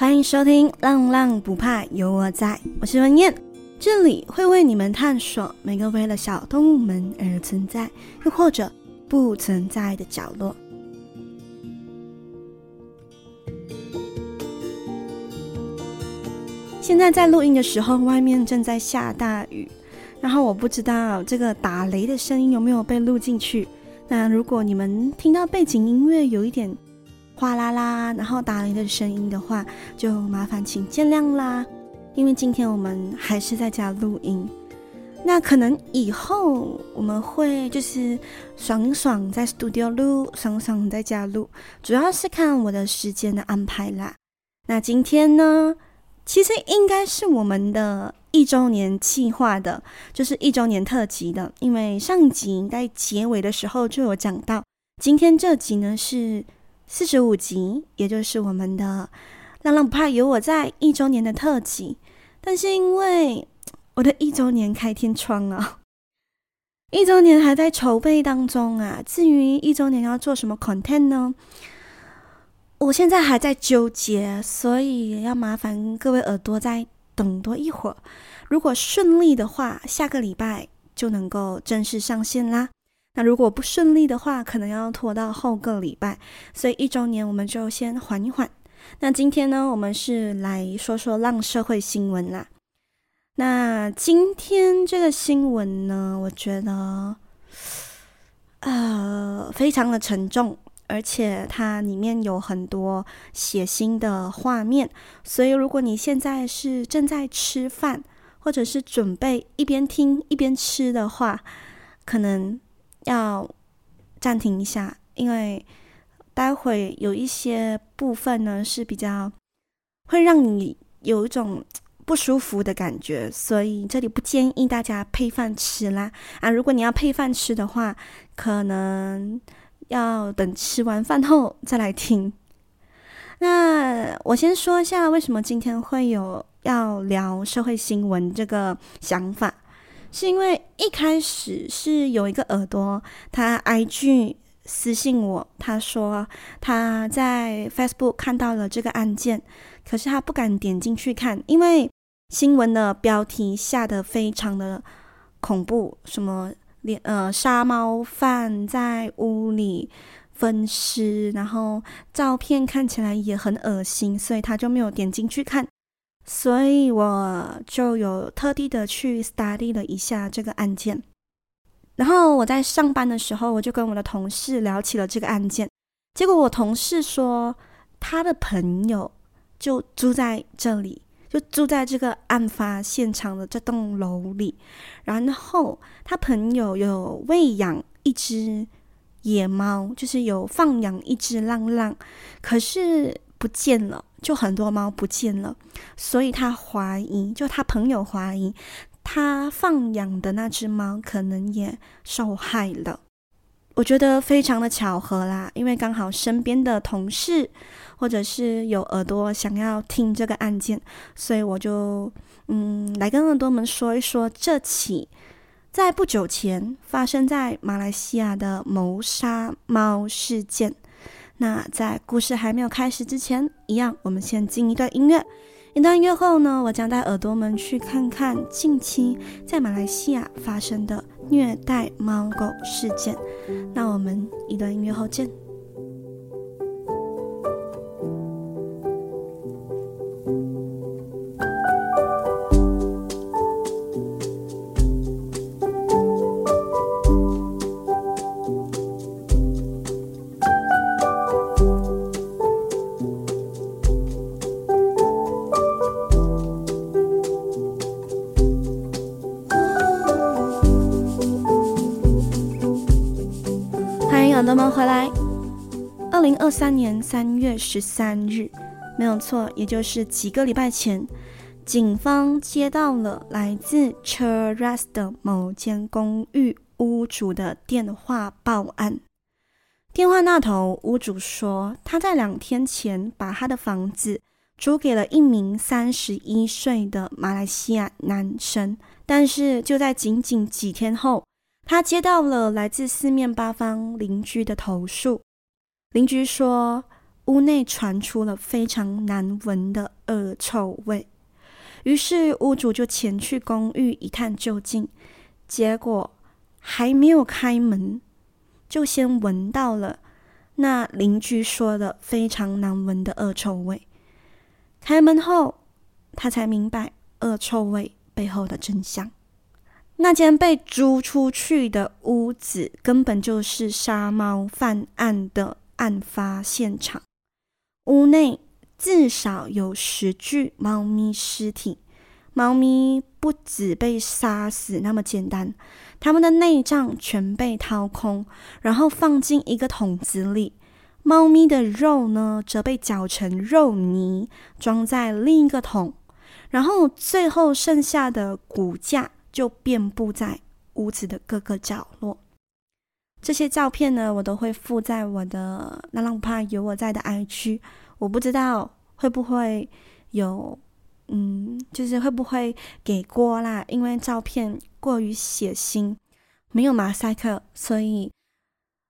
歡迎收聽《浪浪不怕有我在》，我是文燕，這裡會為你們探索每個為了小動物們而存在，又或者不存在的角落。現在在錄音的時候，外面正在下大雨，然後我不知道這個打雷的聲音有沒有被錄進去。那如果你們聽到背景音樂有一點嘩啦啦，然後打雷的聲音的話，就麻煩請見諒啦。因為今天我們還是在家錄音，那可能以後我們會就是爽爽在 studio 錄，爽爽在家錄，主要是看我的時間的安排啦。那今天呢，其實應該是我們的一周年計劃的，就是一周年特輯的，因為上集在結尾的時候就有講到，今天這集呢是。四十五集，也就是我們的《浪浪不怕有我在》一周年的特集，但是因為我的一周年開天窗啊，一周年還在籌備當中啊。至於一周年要做什麼 content 呢，我現在還在糾結，所以要麻煩各位耳朵再等多一會兒。如果順利的話，下個禮拜就能夠正式上線啦。那如果不順利的話，可能要拖到後個禮拜，所以一周年我們就先緩一緩。那今天呢，我們是來說說浪社會新聞啦。那今天這個新聞呢，我覺得，呃，非常的沉重，而且它裡面有很多血腥的畫面。所以如果你現在是正在吃飯，或者是準備一邊聽一邊吃的話，可能，要暫停一下，因為待會有一些部分呢是比較會讓你有一種不舒服的感覺，所以這裡不建議大家配飯吃啦。啊，如果你要配飯吃的話，可能要等吃完飯後再來聽。那我先說一下，為什麼今天會有要聊社會新聞這個想法。是因為一開始是有一個耳朵，他 IG 私信我，他說他在 Facebook 看到了這個案件，可是他不敢點進去看，因為新聞的標題下得非常的恐怖，什麼連呃殺貓犯在屋裡分屍，然後照片看起來也很噁心，所以他就沒有點進去看。所以我就有特地的去 study 了一下這個案件，然後我在上班的時候，我就跟我的同事聊起了這個案件，結果我同事說他的朋友就住在這裡，就住在這個案發現場的這棟樓裡，然後他朋友有餵養一隻野貓，就是有放養一隻浪浪，可是，不見了，就很多貓不見了，所以他懷疑，就他朋友懷疑，他放養的那隻貓可能也受害了。我覺得非常的巧合啦，因為剛好身邊的同事，或者是有耳朵想要聽這個案件，所以我就嗯來跟耳朵們說一說這起在不久前發生在馬來西亞的謀殺貓事件。那在故事還沒有開始之前，一樣，我們先聽一段音樂。一段音樂後呢，我將帶耳朵們去看看近期在馬來西亞發生的虐待貓狗事件。那我們一段音樂後見。三年三月十三日，沒有錯，也就是幾個禮拜前，警方接到了來自 Cheras 的某間公寓屋主的電話報案。電話那頭，屋主說，他在兩天前把他的房子租給了一名三十一歲的馬來西亞男生，但是就在僅僅幾天後，他接到了來自四面八方鄰居的投訴。鄰居說，屋內傳出了非常難聞的惡臭味，於是屋主就前去公寓一探究竟。結果還沒有開門，就先聞到了那鄰居說的非常難聞的惡臭味。開門後，他才明白惡臭味背後的真相。那間被租出去的屋子根本就是殺貓犯案的。案發現場，屋內至少有十具貓咪屍體。貓咪不止被殺死那麼簡單，它們的內臟全被掏空，然後放進一個桶子裡。貓咪的肉呢，則被攪成肉泥，裝在另一個桶。然後最後剩下的骨架就遍佈在屋子的各個角落。這些照片呢，我都會附在我的“浪浪不怕，有我在”的 IG。我不知道會不會有，嗯，就是會不會給過啦？因為照片過於血腥，沒有馬賽克，所以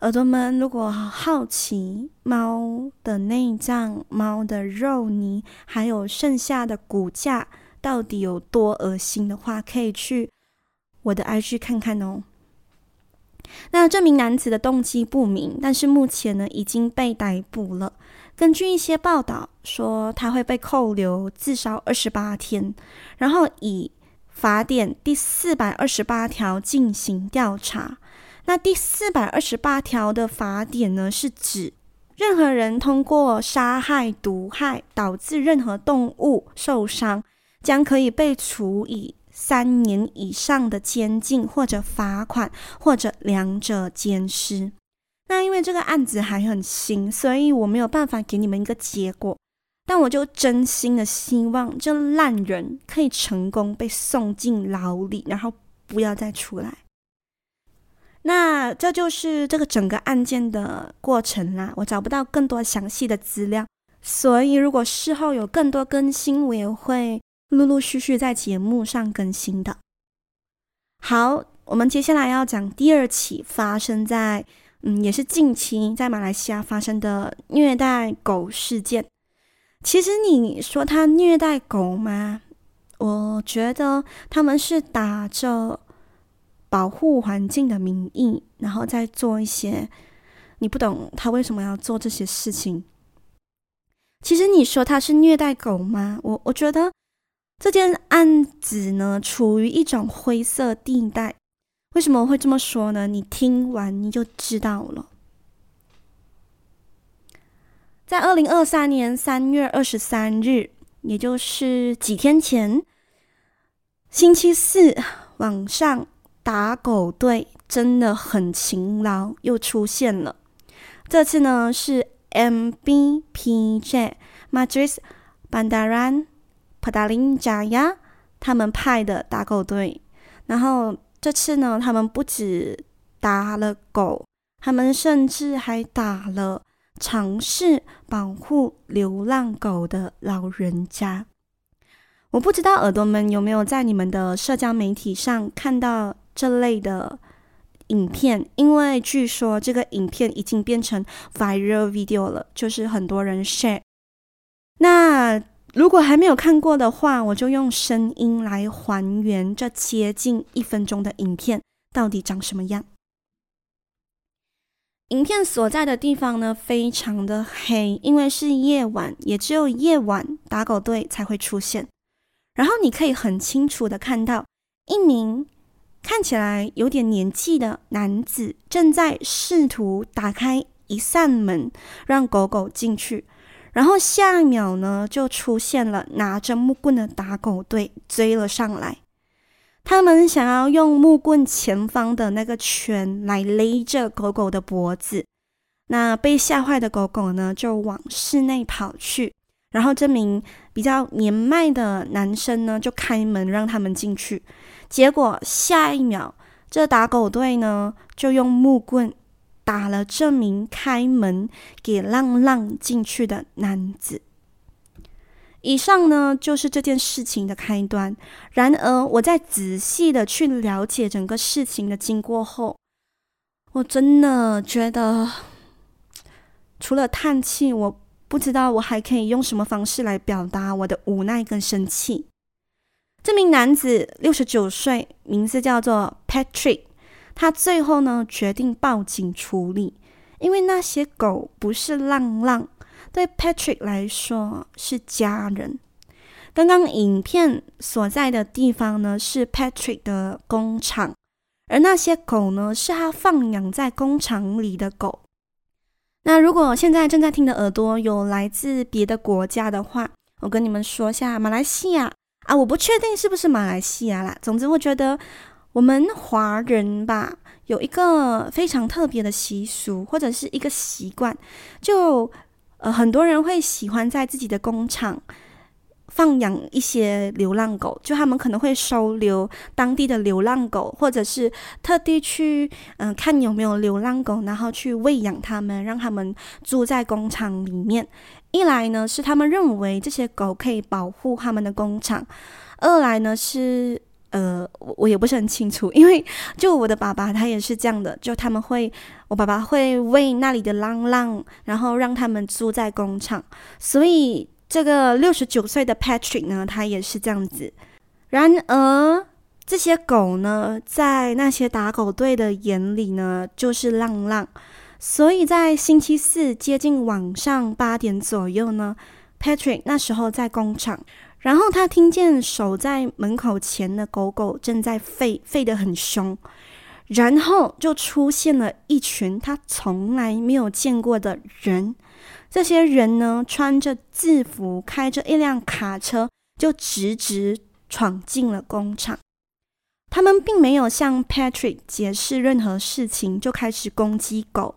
耳朵們如果好奇貓的內臟、貓的肉泥，還有剩下的骨架到底有多噁心的話，可以去我的 IG 看看哦。那這名男子的動機不明，但是目前呢已經被逮捕了。根據一些報道說，他會被扣留至少二十八天，然後以法典第四百二十八條進行調查。那第四百二十八條的法典呢是指，任何人通過殺害、毒害導致任何動物受傷，將可以被處以三年以上的監禁，或者罰款，或者兩者兼施。那因為這個案子還很新，所以我沒有辦法給你們一個結果。但我就真心的希望這爛人可以成功被送進牢裡，然後不要再出來。那這就是這個整個案件的過程啦，我找不到更多詳細的資料，所以如果事後有更多更新，我也會。陸陸續續在節目上更新的。好，我們接下來要講第二起發生在，嗯，也是近期在馬來西亞發生的虐待狗事件。其實你說他虐待狗嗎？我覺得他們是打着保護環境的名義，然後在做一些，你不懂他為什麼要做這些事情。其實你說他是虐待狗嗎？我我覺得。這件案子呢，處於一種灰色地帶。為什麼會這麼說呢？你聽完你就知道了。在二零二三年三月二十三日，也就是幾天前，星期四晚上，打狗隊真的很勤勞，又出現了。這次呢，是 M B P J Majlis Bandaran。普達林加亞他們派的打狗隊，然後這次呢，他們不止打了狗，他們甚至還打了嘗試保護流浪狗的老人家。我不知道耳朵們有沒有在你們的社交媒體上看到這類的影片，因為據說這個影片已經變成 viral video 了，就是很多人 share。那如果還沒有看過的話，我就用聲音來還原這接近一分鐘的影片到底長什麼樣。影片所在的地方呢，非常的黑，因為是夜晚，也只有夜晚打狗隊才會出現。然後你可以很清楚的看到一名看起來有點年紀的男子正在試圖打開一扇門，讓狗狗進去。然後下一秒呢，就出現了拿着木棍的打狗隊追了上來，他們想要用木棍前方的那個圈來勒着狗狗的脖子。那被嚇壞的狗狗呢，就往室內跑去。然後這名比較年邁的男生呢，就開門讓他們進去。結果下一秒，這打狗隊呢，就用木棍。打了這名開門給浪浪進去的男子。以上呢，就是這件事情的開端。然而，我在仔細的去了解整個事情的經過後，我真的覺得，除了嘆氣，我不知道我還可以用什麼方式來表達我的無奈跟生氣。這名男子，六十九歲，名字叫做 Patrick。他最後呢，決定報警處理，因為那些狗不是浪浪，對 Patrick 來說是家人。剛剛影片所在的地方呢，是 Patrick 的工廠，而那些狗呢，是他放養在工廠裡的狗。那如果現在正在聽的耳朵有來自別的國家的話，我跟你們說下馬來西亞啊，我不確定是不是馬來西亞啦，總之我覺得。我們華人吧，有一個非常特別的習俗或者是一個習慣，就呃很多人會喜歡在自己的工廠放養一些流浪狗，就他們可能會收留當地的流浪狗，或者是特地去嗯、呃、看有沒有流浪狗，然後去餵養它們，讓他們住在工廠裡面。一來呢是他們認為這些狗可以保護他們的工廠，二來呢是。呃，我我也不是很清楚，因為就我的爸爸他也是這樣的，就他們會，我爸爸會餵那裡的浪浪，然後讓他們住在工廠，所以這個六十九歲的 Patrick 呢，他也是這樣子。然而，這些狗呢，在那些打狗隊的眼裡呢，就是浪浪，所以在星期四接近晚上八點左右呢，Patrick 那時候在工廠。然後他聽見守在門口前的狗狗正在吠，吠得很兇，然後就出現了一群他從來沒有見過的人。這些人呢，穿着制服，開着一輛卡車，就直直闖進了工廠。他們並沒有向 Patrick 解釋任何事情，就開始攻擊狗。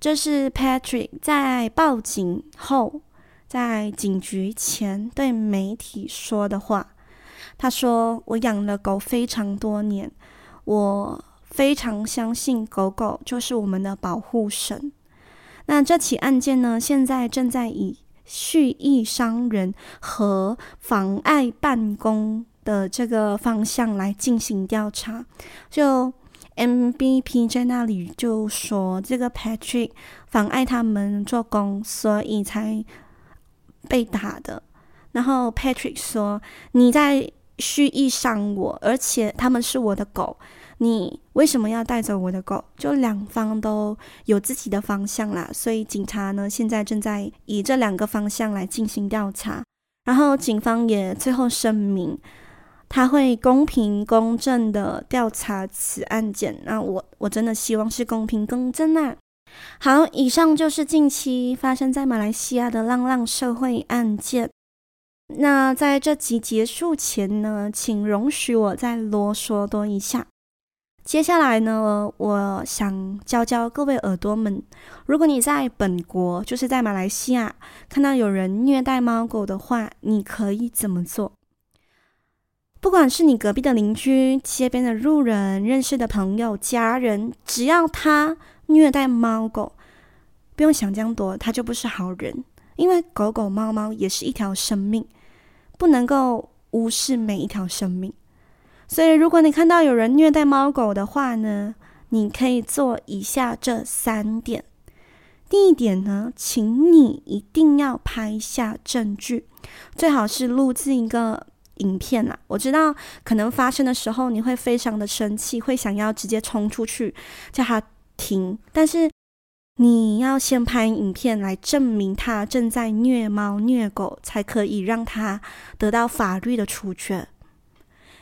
這是 Patrick 在報警後，在警局前對媒體說的話。他說：“我養了狗非常多年，我非常相信狗狗就是我們的保護神。”那這起案件呢，現在正在以蓄意傷人和妨礙辦公的這個方向來進行調查。就。MBP 在那裡就說這個 Patrick 妨礙他們做工，所以才被打的。然後 Patrick 說：“你在蓄意傷我，而且他們是我的狗，你為什麼要帶走我的狗？”就兩方都有自己的方向啦，所以警察呢現在正在以這兩個方向來進行調查。然後警方也最後聲明。他會公平公正地調查此案件。那我我真的希望是公平公正啦、啊。好，以上就是近期發生在馬來西亞的浪浪社會案件。那在這集結束前呢，請容許我再囉嗦多一下。接下來呢，我想教教各位耳朵們，如果你在本國，就是在馬來西亞，看到有人虐待貓狗的話，你可以怎麼做？不管是你隔壁的鄰居、街邊的路人、認識的朋友、家人，只要他虐待貓狗，不用想這麼多，他就不是好人。因為狗狗、貓貓也是一條生命，不能夠無視每一條生命。所以，如果你看到有人虐待貓狗的話呢，你可以做以下這三點：第一點呢，請你一定要拍下證據，最好是錄製一個。影片啊，我知道可能發生的時候，你會非常的生氣，會想要直接衝出去叫他停。但是你要先拍影片來證明他正在虐貓虐狗，才可以讓他得到法律的處決。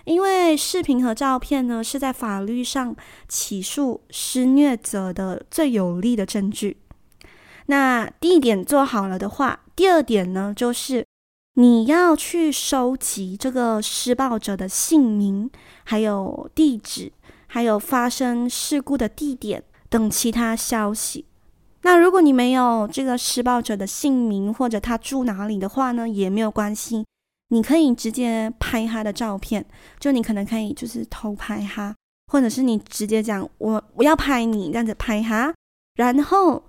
因為視頻和照片呢，是在法律上起訴施虐者的最有力的證據。那第一點做好了的話，第二點呢，就是。你要去收集這個施暴者的姓名，還有地址，還有發生事故的地點等其他消息。那如果你沒有這個施暴者的姓名或者他住哪裡的話呢，也沒有關係，你可以直接拍他的照片。就你可能可以就是偷拍他，或者是你直接講，我我要拍你，這樣子拍他，然後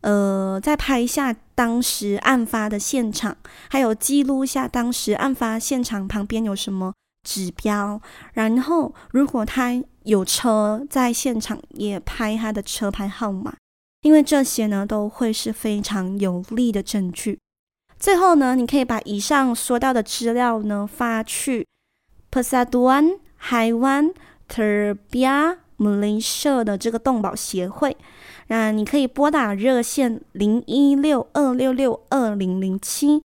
呃再拍一下，當時案發的現場，還有記錄一下當時案發現場旁邊有什麼指標，然後如果他有車在現場，也拍他的車牌號碼，因為這些呢都會是非常有力的證據。最後呢，你可以把以上說到的資料呢發去 Persatuan Haiwan Terbiar Malaysia 的這個動保協會。那你可以撥打熱線零一六二六六二零零七。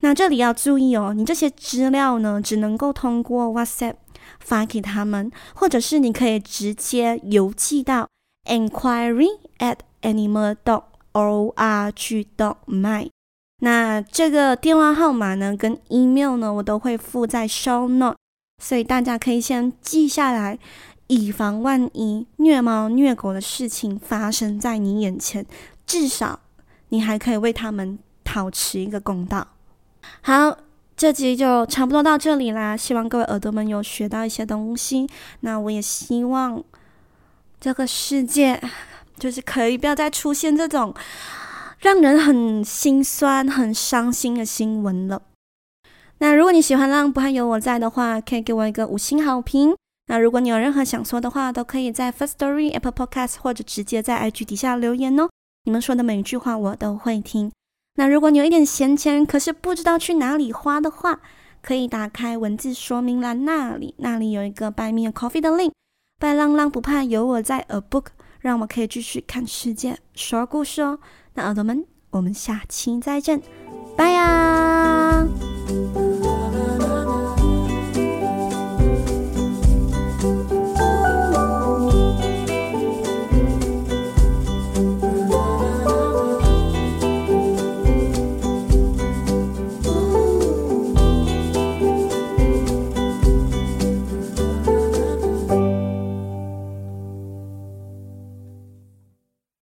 那這裡要注意哦，你這些資料呢，只能夠通過 WhatsApp 發給他們，或者是你可以直接郵寄到 enquiry@animal.org.my。那這個電話號碼呢，跟 email 呢，我都會附在 show note，所以大家可以先記下來。以防萬一虐貓虐狗的事情發生在你眼前，至少你還可以為他們討回一個公道。好，這集就差不多到這裡啦。希望各位耳朵們有學到一些東西。那我也希望這個世界就是可以不要再出現這種讓人很心酸、很傷心的新聞了。那如果你喜歡浪浪不怕，有我在的話，可以給我一個五星好評。那如果你有任何想說的話，都可以在 Firstory Apple Podcast 或者直接在 IG 底下留言哦。你們說的每一句話我都會聽。那如果你有一點閒錢，可是不知道去哪裡花的話，可以打開文字說明欄那裡，那裡有一個 Buy Me a Coffee 的 link。Buy 浪浪不怕有我在，A Book 讓我可以繼續看世界、說故事哦。那耳朵們，我們下期再見，拜呀！